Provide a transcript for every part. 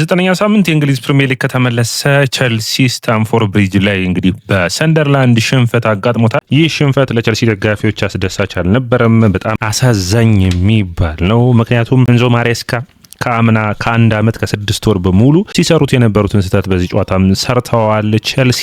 ዘጠነኛው ሳምንት የእንግሊዝ ፕሪሚየር ሊግ ከተመለሰ ቸልሲ ስታንፎርድ ብሪጅ ላይ እንግዲህ በሰንደርላንድ ሽንፈት አጋጥሞታል። ይህ ሽንፈት ለቸልሲ ደጋፊዎች አስደሳች አልነበረም፣ በጣም አሳዛኝ የሚባል ነው። ምክንያቱም እንዞ ማሬስካ ከአምና ከአንድ ዓመት ከስድስት ወር በሙሉ ሲሰሩት የነበሩትን ስህተት በዚህ ጨዋታም ሰርተዋል። ቸልሲ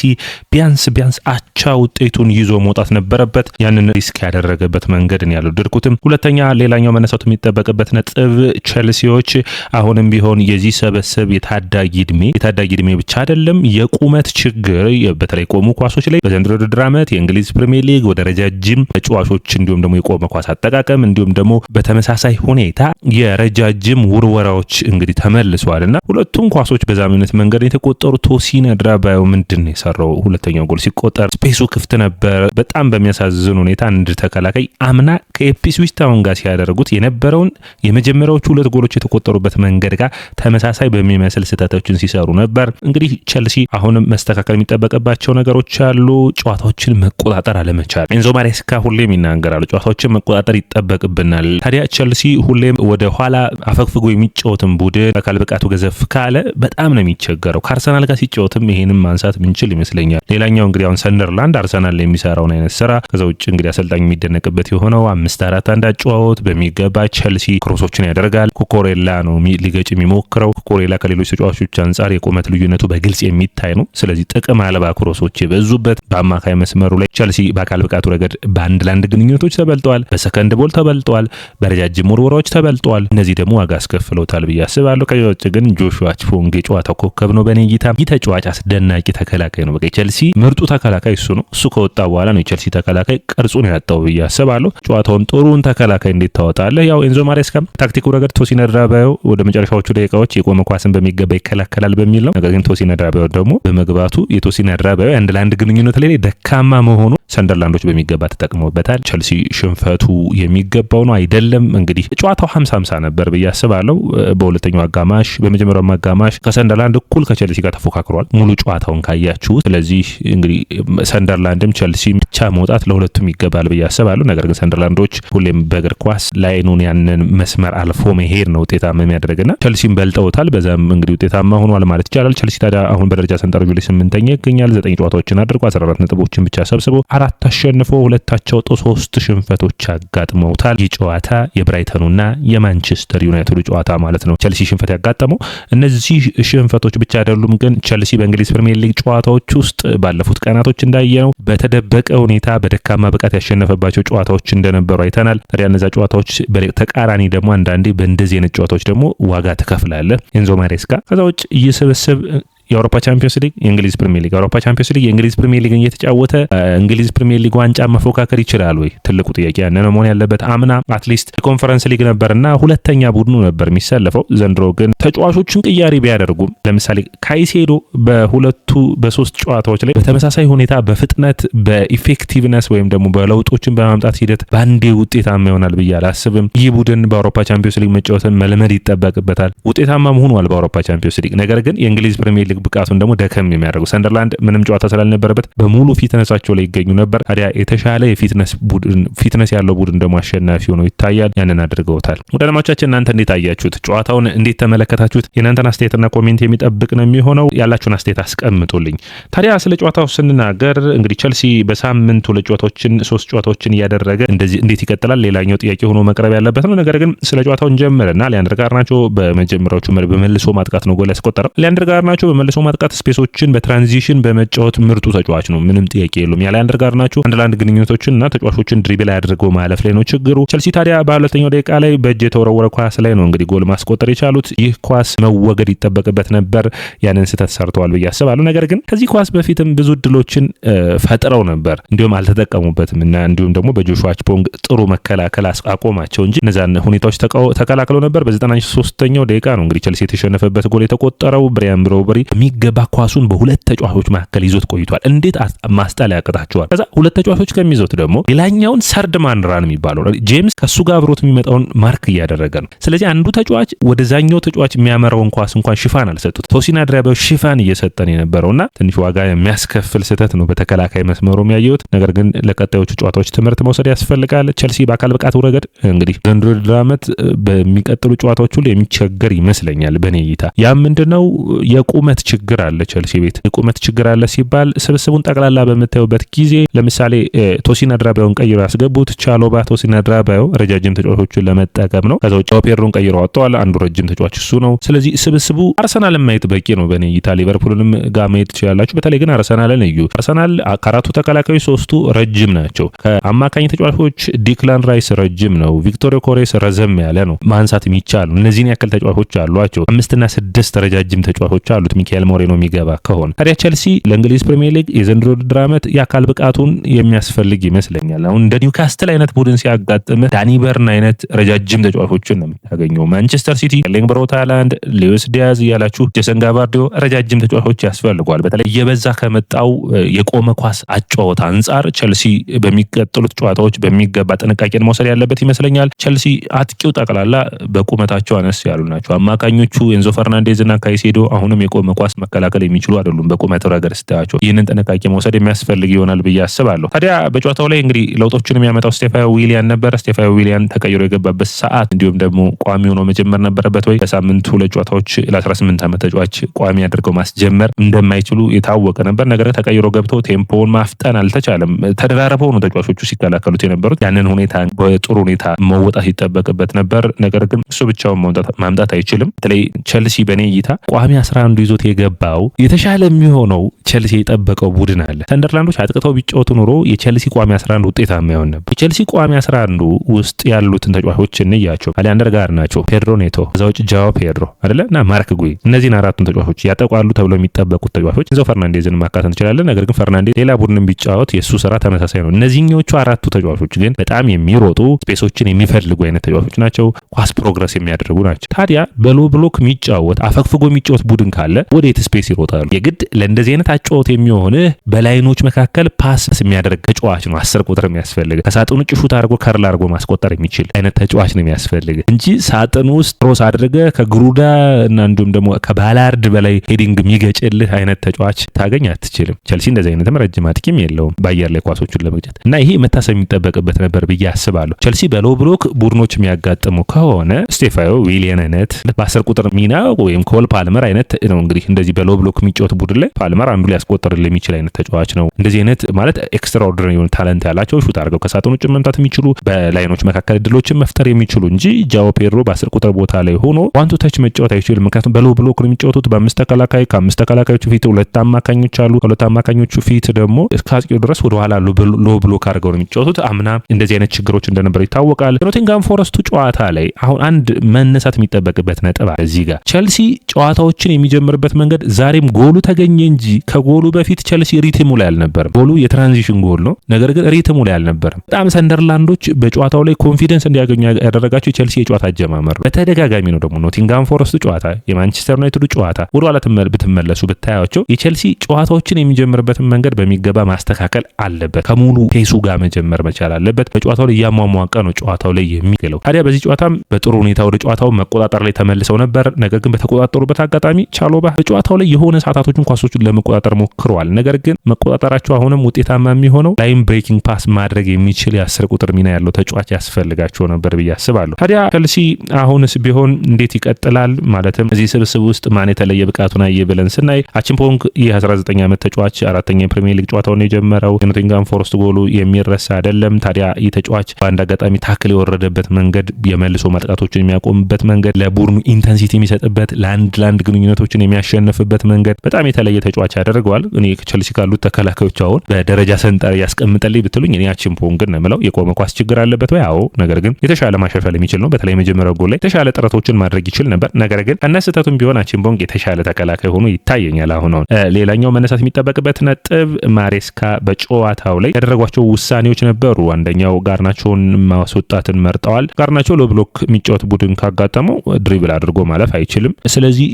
ቢያንስ ቢያንስ አቻ ውጤቱን ይዞ መውጣት ነበረበት። ያንን ሪስክ ያደረገበት መንገድ ያለው ድርኩትም ሁለተኛ ሌላኛው መነሳት የሚጠበቅበት ነጥብ ቸልሲዎች አሁንም ቢሆን የዚህ ሰበስብ የታዳጊ እድሜ የታዳጊ እድሜ ብቻ አይደለም የቁመት ችግር በተለይ ቆሙ ኳሶች ላይ በዘንድሮ ውድድር ዓመት የእንግሊዝ ፕሪሚየር ሊግ ወደ ረጃጅም ተጫዋቾች እንዲሁም ደግሞ የቆመ ኳስ አጠቃቀም እንዲሁም ደግሞ በተመሳሳይ ሁኔታ የረጃጅም ውርወራ ሙከራዎች እንግዲህ ተመልሰዋል እና ሁለቱም ኳሶች አይነት መንገድ የተቆጠሩ ቶሲን አድራባዮ ምንድን የሰራው? ሁለተኛው ጎል ሲቆጠር ስፔሱ ክፍት ነበር። በጣም በሚያሳዝን ሁኔታ አንድ ተከላካይ አምና ከኢፕስዊች ታውን ጋር ሲያደርጉት የነበረውን የመጀመሪያዎቹ ሁለት ጎሎች የተቆጠሩበት መንገድ ጋር ተመሳሳይ በሚመስል ስህተቶችን ሲሰሩ ነበር። እንግዲህ ቸልሲ አሁንም መስተካከል የሚጠበቅባቸው ነገሮች አሉ። ጨዋታዎችን መቆጣጠር አለመቻል። ኤንዞ ማሬስካ ሁሌም ይናገራሉ፣ ጨዋታዎችን መቆጣጠር ይጠበቅብናል። ታዲያ ቸልሲ ሁሌም ወደ ኋላ አፈግፍጎ የሚ የሚጫወትም ቡድን በአካል ብቃቱ ገዘፍ ካለ በጣም ነው የሚቸገረው። ከአርሰናል ጋር ሲጫወትም ይሄንም ማንሳት ምንችል ይመስለኛል። ሌላኛው እንግዲህ አሁን ሰንደርላንድ አርሰናል የሚሰራውን አይነት ስራ ከዛ ውጭ እንግዲህ አሰልጣኝ የሚደነቅበት የሆነው አምስት አራት አንድ አጨዋወት በሚገባ ቸልሲ ክሮሶችን ያደርጋል። ኮኮሬላ ነው ሊገጭ የሚሞክረው። ኮኮሬላ ከሌሎች ተጫዋቾች አንጻር የቁመት ልዩነቱ በግልጽ የሚታይ ነው። ስለዚህ ጥቅም አልባ ክሮሶች የበዙበት በአማካይ መስመሩ ላይ ቸልሲ በአካል ብቃቱ ረገድ በአንድ ለአንድ ግንኙነቶች ተበልጠዋል፣ በሰከንድ ቦል ተበልጠዋል፣ በረጃጅም ውርወራዎች ተበልጠዋል። እነዚህ ደግሞ ዋጋ አስከፍለው አድርገውታል ብዬ አስባለሁ። ከዚ ውጭ ግን ጆሹዋ ቺፎንግ የጨዋታ ኮከብ ነው በኔ እይታ። ይህ ተጫዋች አስደናቂ ተከላካይ ነው። በቃ የቸልሲ ምርጡ ተከላካይ እሱ ነው። እሱ ከወጣ በኋላ ነው የቸልሲ ተከላካይ ቅርጹን ያጣው ብዬ አስባለሁ። ጨዋታውን ጥሩን ተከላካይ እንዴት ታወጣለህ? ያው ኤንዞ ማሬስካም ታክቲኩ ረገድ ቶሲን አድራባዮ ወደ መጨረሻዎቹ ደቂቃዎች የቆመ ኳስን በሚገባ ይከላከላል በሚል ነው። ነገር ግን ቶሲን አድራባዮ ደግሞ በመግባቱ የቶሲን አድራባዮ አንድ ለአንድ ግንኙነት ላይ ደካማ መሆኑ ሰንደርላንዶች በሚገባ ተጠቅመውበታል። ቸልሲ ሽንፈቱ የሚገባው ነው አይደለም። እንግዲህ ጨዋታው ሀምሳ ሀምሳ ነበር ብዬ አስባለሁ። በሁለተኛው አጋማሽ፣ በመጀመሪያው አጋማሽ ከሰንደርላንድ እኩል ከቸልሲ ጋር ተፎካክሯል። ሙሉ ጨዋታውን ካያችሁ ስለዚህ እንግዲህ ሰንደርላንድም ቸልሲ ብቻ መውጣት ለሁለቱም ይገባል ብዬ አስባለሁ። ነገር ግን ሰንደርላንዶች ሁሌም በእግር ኳስ ላይኑን ያንን መስመር አልፎ መሄድ ነው ውጤታማ የሚያደርግና ቸልሲም በልጠውታል። በዛም እንግዲህ ውጤታማ ሆኗል ማለት ይቻላል። ቸልሲ ታዲያ አሁን በደረጃ ሰንጠረዡ ላይ ስምንተኛ ይገኛል። ዘጠኝ ጨዋታዎችን አድርጎ አስራ አራት ነጥቦችን ብቻ ሰብስቦ አራት አሸንፎ ሁለታቸው ጦ ሶስት ሽንፈቶች አጋጥመውታል። ይህ ጨዋታ የብራይተኑና የማንቸስተር ዩናይትዱ ጨዋታ ማለት ነው ቸልሲ ሽንፈት ያጋጠመው። እነዚህ ሽንፈቶች ብቻ አይደሉም፣ ግን ቸልሲ በእንግሊዝ ፕሪሚየር ሊግ ጨዋታዎች ውስጥ ባለፉት ቀናቶች እንዳየነው በተደበቀ ሁኔታ በደካማ ብቃት ያሸነፈባቸው ጨዋታዎች እንደነበሩ አይተናል። ታዲያ እነዚያ ጨዋታዎች ተቃራኒ ደግሞ አንዳንዴ በእንደዚህ አይነት ጨዋታዎች ደግሞ ዋጋ ትከፍላለ ኤንዞ ማሬስካ። ከዛ ውጭ ይህ ስብስብ የአውሮፓ ቻምፒዮንስ ሊግ፣ የእንግሊዝ ፕሪሚየር ሊግ፣ የአውሮፓ ቻምፒዮንስ ሊግ፣ የእንግሊዝ ፕሪሚየር ሊግን እየተጫወተ እንግሊዝ ፕሪሚየር ሊግ ዋንጫ መፎካከር ይችላል ወይ? ትልቁ ጥያቄ ያነ ነው መሆን ያለበት። አምና አትሊስት የኮንፈረንስ ሊግ ነበርና ሁለተኛ ቡድኑ ነበር የሚሰለፈው። ዘንድሮ ግን ተጫዋቾችን ቅያሪ ቢያደርጉም ለምሳሌ ካይሴዶ በሁለቱ በሶስት ጨዋታዎች ላይ በተመሳሳይ ሁኔታ በፍጥነት በኢፌክቲቭነስ ወይም ደግሞ በለውጦችን በማምጣት ሂደት በአንዴ ውጤታማ ይሆናል ብዬ አላስብም። ይህ ቡድን በአውሮፓ ቻምፒዮንስ ሊግ መጫወትን መልመድ ይጠበቅበታል። ውጤታማ መሆኗል በአውሮፓ ቻምፒዮንስ ሊግ ነገር ግን የእንግሊዝ ፕሪሚየር ሊግ ብቃቱን ደግሞ ደከም የሚያደርጉ ሰንደርላንድ ምንም ጨዋታ ስላልነበረበት በሙሉ ፊትነሳቸው ላይ ይገኙ ነበር። ታዲያ የተሻለ የፊትነስ ቡድን ፊትነስ ያለው ቡድን ደግሞ አሸናፊ ሆኖ ይታያል። ያንን አድርገውታል። ውደለማቻችን እናንተ እንዴት አያችሁት? ጨዋታውን እንዴት ተመለከታችሁት? የእናንተን አስተያየትና ኮሜንት የሚጠብቅ ነው የሚሆነው። ያላችሁን አስተያየት አስቀምጡልኝ። ታዲያ ስለ ጨዋታው ስንናገር እንግዲህ ቸልሲ በሳምንት ሁለት ጨዋታዎችን ሶስት ጨዋታዎችን እያደረገ እንደዚህ እንዴት ይቀጥላል ሌላኛው ጥያቄ ሆኖ መቅረብ ያለበት ነው። ነገር ግን ስለ ጨዋታው እንጀምርና ሊያንድር ጋርናቾ በመጀመሪያዎቹ በመልሶ ማጥቃት ነው ጎል ያስቆጠረው ሊያንድር ጋርናቾ በመልሶ ማጥቃት ስፔሶችን በትራንዚሽን በመጫወት ምርጡ ተጫዋች ነው። ምንም ጥያቄ የሉም። ያለ አንደር ጋር ናቸው አንድ ለአንድ ግንኙነቶችን እና ተጫዋቾችን ድሪብል አድርገው ማለፍ ላይ ነው ችግሩ። ቸልሲ ታዲያ በሁለተኛው ደቂቃ ላይ በእጅ የተወረወረ ኳስ ላይ ነው እንግዲህ ጎል ማስቆጠር የቻሉት። ይህ ኳስ መወገድ ይጠበቅበት ነበር። ያንን ስህተት ሰርተዋል ብዬ አስባለሁ። ነገር ግን ከዚህ ኳስ በፊትም ብዙ እድሎችን ፈጥረው ነበር፣ እንዲሁም አልተጠቀሙበትም እና እንዲሁም ደግሞ በጆሹዋ ችፖንግ ጥሩ መከላከል አቆማቸው እንጂ እነዛን ሁኔታዎች ተከላክለው ነበር። በ93ኛው ደቂቃ ነው እንግዲህ ቸልሲ የተሸነፈበት ጎል የተቆጠረው ብሪያን የሚገባ ኳሱን በሁለት ተጫዋቾች መካከል ይዞት ቆይቷል። እንዴት ማስጣል ያቅታቸዋል? ከዛ ሁለት ተጫዋቾች ከሚይዘት ደግሞ ሌላኛውን ሰርድ ማንራን ራን የሚባለው ጄምስ ከሱ ጋር አብሮት የሚመጣውን ማርክ እያደረገ ነው። ስለዚህ አንዱ ተጫዋች ወደዛኛው ተጫዋች የሚያመራውን ኳስ እንኳን ሽፋን አልሰጡት። ቶሲና ድራቢያው ሽፋን እየሰጠን የነበረውና ትንሽ ዋጋ የሚያስከፍል ስህተት ነው በተከላካይ መስመሩ የሚያየሁት። ነገር ግን ለቀጣዮቹ ጨዋታዎች ትምህርት መውሰድ ያስፈልጋል። ቸልሲ በአካል ብቃቱ ረገድ እንግዲህ ዘንድሮ ድር ዓመት በሚቀጥሉ ጨዋታዎች ሁሉ የሚቸገር ይመስለኛል በእኔ እይታ። ያ ምንድነው የቁመት ችግር አለ ቸልሲ ቤት ቁመት ችግር አለ ሲባል ስብስቡን ጠቅላላ በምታዩበት ጊዜ ለምሳሌ ቶሲን አድራቢያውን ቀይሮ ያስገቡት ቻሎባ ቶሲን አድራቢያው ረጃጅም ተጫዋቾችን ለመጠቀም ነው። ከዛ ውጭ ኦፔሮን ቀይሮ አወጥተዋል። አንዱ ረጅም ተጫዋች እሱ ነው። ስለዚህ ስብስቡ አርሰናልን ማየት በቂ ነው በእኔ እይታ። ሊቨርፑልንም ጋር ማየት ትችላላችሁ። በተለይ ግን አርሰናልን እዩ። አርሰናል ከአራቱ ተከላካዮች ሶስቱ ረጅም ናቸው። ከአማካኝ ተጫዋቾች ዲክላን ራይስ ረጅም ነው። ቪክቶሪዮ ኮሬስ ረዘም ያለ ነው። ማንሳት የሚቻል ነው። እነዚህን ያክል ተጫዋቾች አሏቸው። አምስትና ስድስት ረጃጅም ተጫዋቾች አሉት ሚካኤል ሚካኤል ሞሬኖ የሚገባ ከሆነ ታዲያ ቸልሲ ለእንግሊዝ ፕሪሚየር ሊግ የዘንድሮ ውድድር ዓመት የአካል ብቃቱን የሚያስፈልግ ይመስለኛል። አሁን እንደ ኒውካስትል አይነት ቡድን ሲያጋጥም ዳኒ በርን አይነት ረጃጅም ተጫዋቾችን ነው የምታገኘው። ማንቸስተር ሲቲ ኤርሊንግ ብራውት ሃላንድ፣ ዲያዝ እያላችሁ ጄሰን ጋቫርዲዮ ረጃጅም ተጫዋቾች ያስፈልጓል። በተለይ እየበዛ ከመጣው የቆመ ኳስ አጫወት አንጻር ቸልሲ በሚቀጥሉት ጨዋታዎች በሚገባ ጥንቃቄን መውሰድ ያለበት ይመስለኛል። ቸልሲ አጥቂው ጠቅላላ በቁመታቸው አነስ ያሉ ናቸው። አማካኞቹ ኤንዞ ፈርናንዴዝ እና ካይሴዶ አሁንም የቆመ ኳስ በዋስ መከላከል የሚችሉ አይደሉም። በቁመት ረገድ ስታያቸው ይህንን ጥንቃቄ መውሰድ የሚያስፈልግ ይሆናል ብዬ አስባለሁ። ታዲያ በጨዋታው ላይ እንግዲህ ለውጦችን የሚያመጣው ስቴፋዮ ዊሊያን ነበር ስቴፋዮ ዊሊያን ተቀይሮ የገባበት ሰዓት እንዲሁም ደግሞ ቋሚ ሆኖ መጀመር ነበረበት ወይ በሳምንቱ ሁለት ጨዋታዎች ለ18 ዓመት ተጫዋች ቋሚ አድርገው ማስጀመር እንደማይችሉ የታወቀ ነበር። ነገር ተቀይሮ ገብቶ ቴምፖውን ማፍጠን አልተቻለም። ተደራረበው ነው ተጫዋቾቹ ሲከላከሉት የነበሩት ያንን ሁኔታ በጥሩ ሁኔታ መወጣት ይጠበቅበት ነበር። ነገር ግን እሱ ብቻውን ማምጣት አይችልም። በተለይ ቸልሲ በእኔ እይታ ቋሚ አስራ አንዱ ይዞት የገባው የተሻለ የሚሆነው ቸልሲ የጠበቀው ቡድን አለ። ሰንደርላንዶች አጥቅተው ቢጫወቱ ኑሮ የቸልሲ ቋሚ 11 ውጤታማ ይሆን ነበር። የቸልሲ ቋሚ 11 ውስጥ ያሉትን ተጫዋቾች እንያቸው። አሊያንደር ጋር ናቸው፣ ፔድሮ ኔቶ፣ ከዛ ውጭ ጃዋ ፔድሮ አደለ እና ማርክ ጉይ። እነዚህን አራቱን ተጫዋቾች ያጠቋሉ ተብለው የሚጠበቁት ተጫዋቾች እዛው ፈርናንዴዝን ማካተት እንችላለን። ነገር ግን ፈርናንዴዝ ሌላ ቡድንን ቢጫወት የእሱ ስራ ተመሳሳይ ነው። እነዚህኞቹ አራቱ ተጫዋቾች ግን በጣም የሚሮጡ ስፔሶችን የሚፈልጉ አይነት ተጫዋቾች ናቸው። ኳስ ፕሮግረስ የሚያደርጉ ናቸው። ታዲያ በሎ ብሎክ የሚጫወት አፈግፍጎ የሚጫወት ቡድን ካለ ወዴት ስፔስ ይሮጣሉ። የግድ ለእንደዚህ አይነት አጫወት የሚሆንህ በላይኖች መካከል ፓስ የሚያደርግ ተጫዋች ነው። አስር ቁጥር የሚያስፈልግ ከሳጥን ውጭ ሹት አድርጎ ከርል አድርጎ ማስቆጠር የሚችል አይነት ተጫዋች ነው የሚያስፈልግ እንጂ ሳጥን ውስጥ ሮስ አድርገ ከግሩዳ እና እንዲሁም ደግሞ ከባላርድ በላይ ሄዲንግ የሚገጭልህ አይነት ተጫዋች ታገኝ አትችልም። ቸልሲ እንደዚህ አይነትም ረጅም አጥቂም የለውም በአየር ላይ ኳሶቹን ለመግጨት እና ይሄ መታሰብ የሚጠበቅበት ነበር ብዬ አስባለሁ። ቸልሲ በሎ ብሎክ ቡድኖች የሚያጋጥሙ ከሆነ ስቴፋዮ ዊሊያን አይነት በአስር ቁጥር ሚና ወይም ኮል ፓልመር አይነት ነው እንግዲህ እንደዚህ በሎ ብሎክ የሚጫወት ቡድን ላይ ፓልመር አንዱ ሊያስቆጥርል የሚችል አይነት ተጫዋች ነው። እንደዚህ አይነት ማለት ኤክስትራኦርዲናሪ የሆነ ታለንት ያላቸው ሹት አድርገው ከሳጥን ውጭ መምታት የሚችሉ በላይኖች መካከል እድሎችን መፍጠር የሚችሉ እንጂ ጃኦ ፔድሮ በአስር ቁጥር ቦታ ላይ ሆኖ ዋንቱ ተች መጫወት አይችልም። ምክንያቱም በሎ ብሎክ ነው የሚጫወቱት በአምስት ተከላካይ፣ ከአምስት ተከላካዮቹ ፊት ሁለት አማካኞች አሉ። ከሁለት አማካኞቹ ፊት ደግሞ እስከ ድረስ ወደኋላ ሎ ብሎክ አድርገው ነው የሚጫወቱት። አምና እንደዚህ አይነት ችግሮች እንደነበሩ ይታወቃል። ኖቲንጋም ፎረስቱ ጨዋታ ላይ አሁን አንድ መነሳት የሚጠበቅበት ነጥብ እዚህ ጋር ቸልሲ ጨዋታዎችን የሚጀምርበት መንገድ ዛሬም ጎሉ ተገኘ እንጂ ከጎሉ በፊት ቸልሲ ሪትሙ ላይ አልነበረም። ጎሉ የትራንዚሽን ጎል ነው፣ ነገር ግን ሪትሙ ላይ አልነበርም። በጣም ሰንደርላንዶች በጨዋታው ላይ ኮንፊደንስ እንዲያገኙ ያደረጋቸው የቸልሲ የጨዋታ አጀማመር ነው። በተደጋጋሚ ነው ደግሞ ኖቲንጋም ፎረስት ጨዋታ፣ የማንቸስተር ዩናይትዱ ጨዋታ ወደ ብትመለሱ ብታያቸው የቸልሲ ጨዋታዎችን የሚጀምርበትን መንገድ በሚገባ ማስተካከል አለበት። ከሙሉ ፔሱ ጋር መጀመር መቻል አለበት። በጨዋታው ላይ እያሟሟቀ ነው ጨዋታው ላይ የሚገለው። ታዲያ በዚህ ጨዋታም በጥሩ ሁኔታ ወደ ጨዋታው መቆጣጠር ላይ ተመልሰው ነበር። ነገር ግን በተቆጣጠሩበት አጋጣሚ ቻሎባ በጨዋታው ላይ የሆነ ሰዓታቶችን ኳሶቹን ለመቆጣጠር ሞክረዋል። ነገር ግን መቆጣጠራቸው አሁንም ውጤታማ የሚሆነው ላይን ብሬኪንግ ፓስ ማድረግ የሚችል የአስር ቁጥር ሚና ያለው ተጫዋች ያስፈልጋቸው ነበር ብዬ አስባለሁ። ታዲያ ከልሲ አሁንስ ቢሆን እንዴት ይቀጥላል? ማለትም እዚህ ስብስብ ውስጥ ማን የተለየ ብቃቱን አየ ብለን ስናይ አችምፖንግ ይህ 19 ዓመት ተጫዋች አራተኛ የፕሪሚየር ሊግ ጨዋታውን የጀመረው የኖቲንጋም ፎረስት ጎሉ የሚረሳ አይደለም። ታዲያ ይህ ተጫዋች በአንድ አጋጣሚ ታክል የወረደበት መንገድ፣ የመልሶ ማጥቃቶችን የሚያቆምበት መንገድ፣ ለቡድኑ ኢንተንሲቲ የሚሰጥበት፣ ለአንድ ለአንድ ግንኙነቶችን የሚያሸ የሚሸነፍበት መንገድ በጣም የተለየ ተጫዋች ያደርገዋል። እኔ ቸልሲ ካሉት ተከላካዮች አሁን በደረጃ ሰንጠር ያስቀምጠልኝ ብትሉኝ እኔ አቺምፖንግን ነው የምለው። የቆመ ኳስ ችግር አለበት ወይ? አዎ። ነገር ግን የተሻለ ማሻሻል የሚችል ነው። በተለይ መጀመሪያው ጎል ላይ የተሻለ ጥረቶችን ማድረግ ይችል ነበር። ነገር ግን ከነስህተቱም ቢሆን አቺምፖንግ የተሻለ ተከላካይ ሆኖ ይታየኛል። አሁን ሌላኛው መነሳት የሚጠበቅበት ነጥብ ማሬስካ በጨዋታው ላይ ያደረጓቸው ውሳኔዎች ነበሩ። አንደኛው ጋርናቸውን ማስወጣትን መርጠዋል። ጋርናቸው ለብሎክ የሚጫወት ቡድን ካጋጠመው ድሪብል አድርጎ ማለፍ አይችልም። ስለዚህ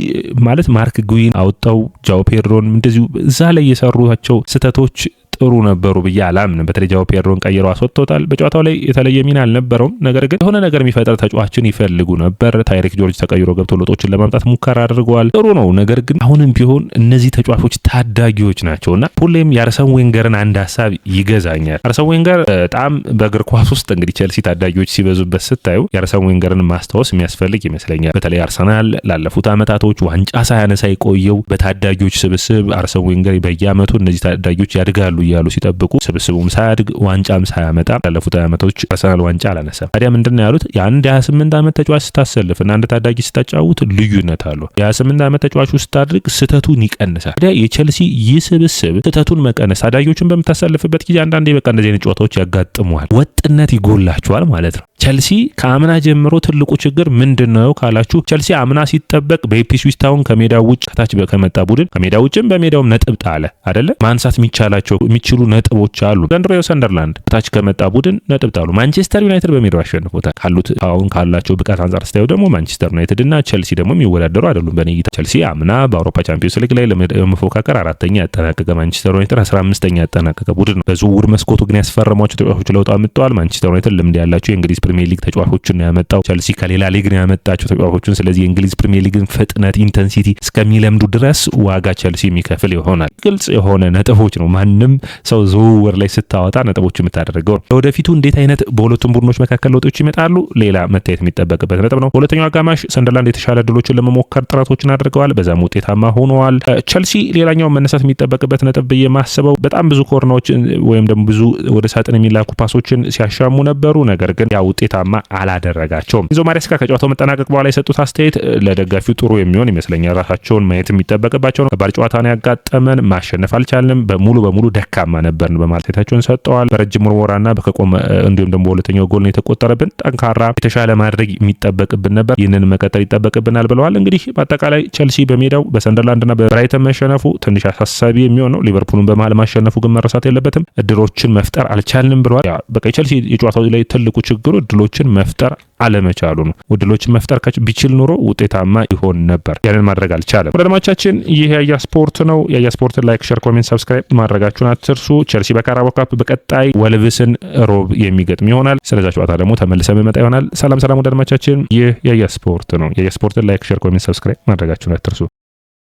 ማለት ማርክ ጉይን አወጣው፣ ጃው ፔድሮን እንደዚሁ እዛ ላይ የሰሯቸው ስህተቶች ጥሩ ነበሩ ብዬ አላምንም። በተለይ ጃው ፔድሮን ቀይሮ አስወጥቶታል። በጨዋታው ላይ የተለየ ሚና አልነበረውም። ነገር ግን የሆነ ነገር የሚፈጠር ተጫዋችን ይፈልጉ ነበር። ታይሪክ ጆርጅ ተቀይሮ ገብቶ ለውጦችን ለማምጣት ሙከራ አድርገዋል። ጥሩ ነው። ነገር ግን አሁንም ቢሆን እነዚህ ተጫዋቾች ታዳጊዎች ናቸውና ሁሌም የአርሰን ዌንገርን አንድ ሀሳብ ይገዛኛል። አርሰን ዌንገር በጣም በእግር ኳስ ውስጥ እንግዲህ ቸልሲ ታዳጊዎች ሲበዙበት ስታዩ የአርሰን ዌንገርን ማስታወስ የሚያስፈልግ ይመስለኛል። በተለይ አርሰናል ላለፉት አመታቶች ዋንጫ ሳያነሳ የቆየው በታዳጊዎች ስብስብ አርሰን ዌንገር በየዓመቱ እነዚህ ታዳጊዎች ያድጋሉ እያሉ ሲጠብቁ ስብስቡም ሳያድግ ዋንጫም ሳያመጣ ያለፉት ዓመቶች አርሰናል ዋንጫ አላነሳም። ታዲያ ምንድን ነው ያሉት? የአንድ የ28 ዓመት ተጫዋች ስታሰልፍ እና አንድ ታዳጊ ስታጫውት ልዩነት አለ። የ28 ዓመት ተጫዋቹ ስታድርግ ስህተቱን ይቀንሳል። ታዲያ የቸልሲ ይህ ስብስብ ስህተቱን መቀነስ ታዳጊዎቹን በምታሰልፍበት ጊዜ አንዳንዴ በቃ እንደዚህ አይነት ጨዋታዎች ያጋጥመዋል። ወጥነት ይጎላቸዋል ማለት ነው። ቸልሲ ከአምና ጀምሮ ትልቁ ችግር ምንድን ነው ካላችሁ ቸልሲ አምና ሲጠበቅ በኢፕስዊች ታውን ከሜዳው ውጭ ከታች ከመጣ ቡድን ከሜዳ ውጭም በሜዳውም ነጥብ ጣለ አደለ። ማንሳት የሚቻላቸው የሚችሉ ነጥቦች አሉ። ዘንድሮ የው ሰንደርላንድ ከታች ከመጣ ቡድን ነጥብ ጣሉ። ማንቸስተር ዩናይትድ በሜዳው አሸንፎታል። ካሉት አሁን ካላቸው ብቃት አንጻር ስታዩ ደግሞ ማንቸስተር ዩናይትድ እና ቸልሲ ደግሞ የሚወዳደሩ አይደሉም። በኔ ቸልሲ አምና በአውሮፓ ቻምፒዮንስ ሊግ ላይ ለመፎካከር አራተኛ ያጠናቀቀ ማንቸስተር ዩናይትድ አስራ አምስተኛ ያጠናቀቀ ቡድን ነው። በዝውውር መስኮቱ ግን ያስፈረሟቸው ተጫዋቾች ለውጥ አምጥተዋል። ማንቸስተር ዩናይትድ ልምድ ያላቸው የእንግሊዝ ፕሪሚየር ሊግ ተጫዋቾችን ነው ያመጣው። ቸልሲ ከሌላ ሊግ ነው ያመጣቸው ተጫዋቾችን። ስለዚህ የእንግሊዝ ፕሪሚየር ሊግን ፍጥነት፣ ኢንተንሲቲ እስከሚለምዱ ድረስ ዋጋ ቸልሲ የሚከፍል ይሆናል። ግልጽ የሆነ ነጥቦች ነው። ማንም ሰው ዝውውር ላይ ስታወጣ ነጥቦች የምታደርገው ነው። ለወደፊቱ እንዴት አይነት በሁለቱም ቡድኖች መካከል ለውጦች ይመጣሉ፣ ሌላ መታየት የሚጠበቅበት ነጥብ ነው። በሁለተኛው አጋማሽ ሰንደርላንድ የተሻለ ድሎችን ለመሞከር ጥረቶችን አድርገዋል። በዛም ውጤታማ ሆነዋል። ቸልሲ ሌላኛው መነሳት የሚጠበቅበት ነጥብ ብዬ ማስበው በጣም ብዙ ኮርናዎችን ወይም ደግሞ ብዙ ወደ ሳጥን የሚላኩ ፓሶችን ሲያሻሙ ነበሩ። ነገር ግን ያው ውጤታማ አላደረጋቸውም። ኢንዞ ማሬስካ ከጨዋታው መጠናቀቅ በኋላ የሰጡት አስተያየት ለደጋፊው ጥሩ የሚሆን ይመስለኛል። ራሳቸውን ማየት የሚጠበቅባቸው ነው። ከባድ ጨዋታ ነው ያጋጠመን፣ ማሸነፍ አልቻልንም፣ በሙሉ በሙሉ ደካማ ነበርን በማለት አስተያየታቸውን ሰጠዋል። በረጅም ሙርሞራና በከቆመ እንዲሁም ደግሞ በሁለተኛው ጎል ነው የተቆጠረብን። ጠንካራ የተሻለ ማድረግ የሚጠበቅብን ነበር፣ ይህንን መቀጠል ይጠበቅብናል ብለዋል። እንግዲህ በአጠቃላይ ቸልሲ በሜዳው በሰንደርላንድና በብራይተን መሸነፉ ትንሽ አሳሳቢ የሚሆን ነው። ሊቨርፑልን በመሀል ማሸነፉ ግን መረሳት የለበትም። እድሮችን መፍጠር አልቻልንም ብለዋል። በቃ ቸልሲ የጨዋታው ላይ ትልቁ ችግሩ እድሎችን መፍጠር አለመቻሉ ነው። እድሎችን መፍጠር ቢችል ኑሮ ውጤታማ ይሆን ነበር። ያንን ማድረግ አልቻለም። ወደድማቻችን ይህ የአያ ስፖርት ነው። የአያ ስፖርት ላይክ፣ ሸር፣ ኮሜንት፣ ሰብስክራይብ ማድረጋችሁን አትርሱ። ቸልሲ በካራቦ ካፕ በቀጣይ ወልብስን ሮብ የሚገጥም ይሆናል። ስለዛ ጨዋታ ደግሞ ተመልሰን መጣ ይሆናል። ሰላም ሰላም ወደድማቻችን ይህ የአያ ስፖርት ነው። የአያ ስፖርት ላይክ፣ ሸር፣ ኮሜንት፣ ሰብስክራይብ ማድረጋችሁን አትርሱ።